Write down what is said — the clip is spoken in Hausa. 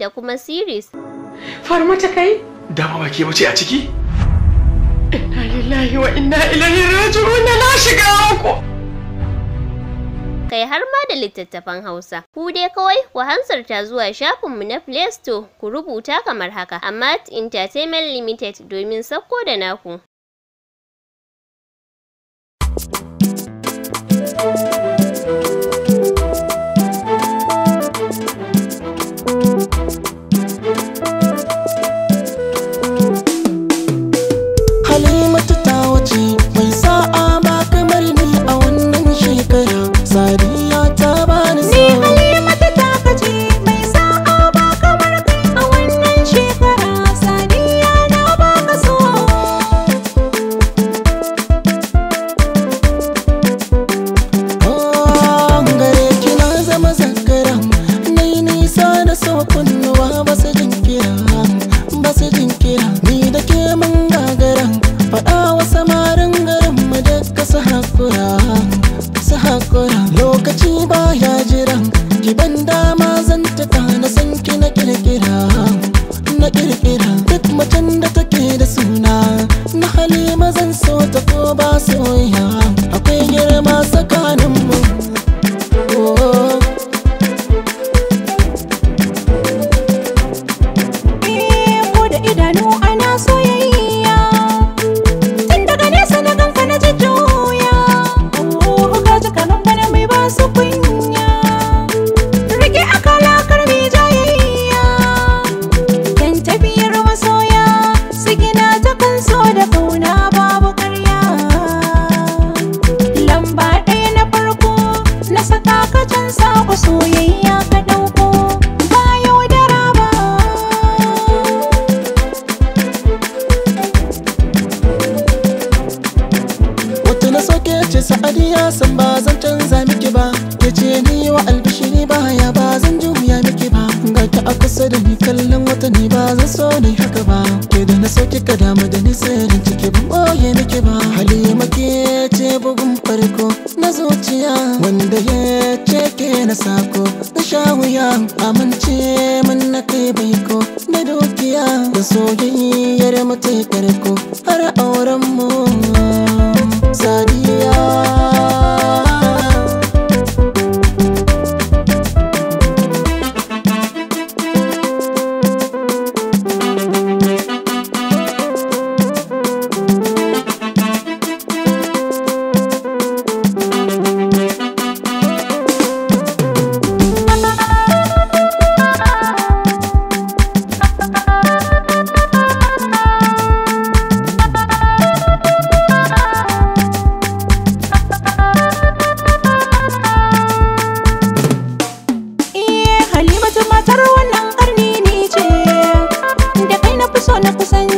da kuma series. Farmata kai? Dama ba ke wuce a ciki? Inna lillahi wa inna ilaihi raji'un na shiga ku. Kai har ma da littattafan Hausa. Ku dai kawai ku hansarta zuwa shafinmu na Play Store ku rubuta kamar haka, amma Entertainment Limited domin sakko da naku. thank you Thank you. ka dama da nisirin ciki ban boye miki ba halima ke ce bugun farko na zuciya wanda ya ce ke na sako na sha wuya amince min na kai ko na dukiya da soyayyar mutai karko har auren mu so na kusan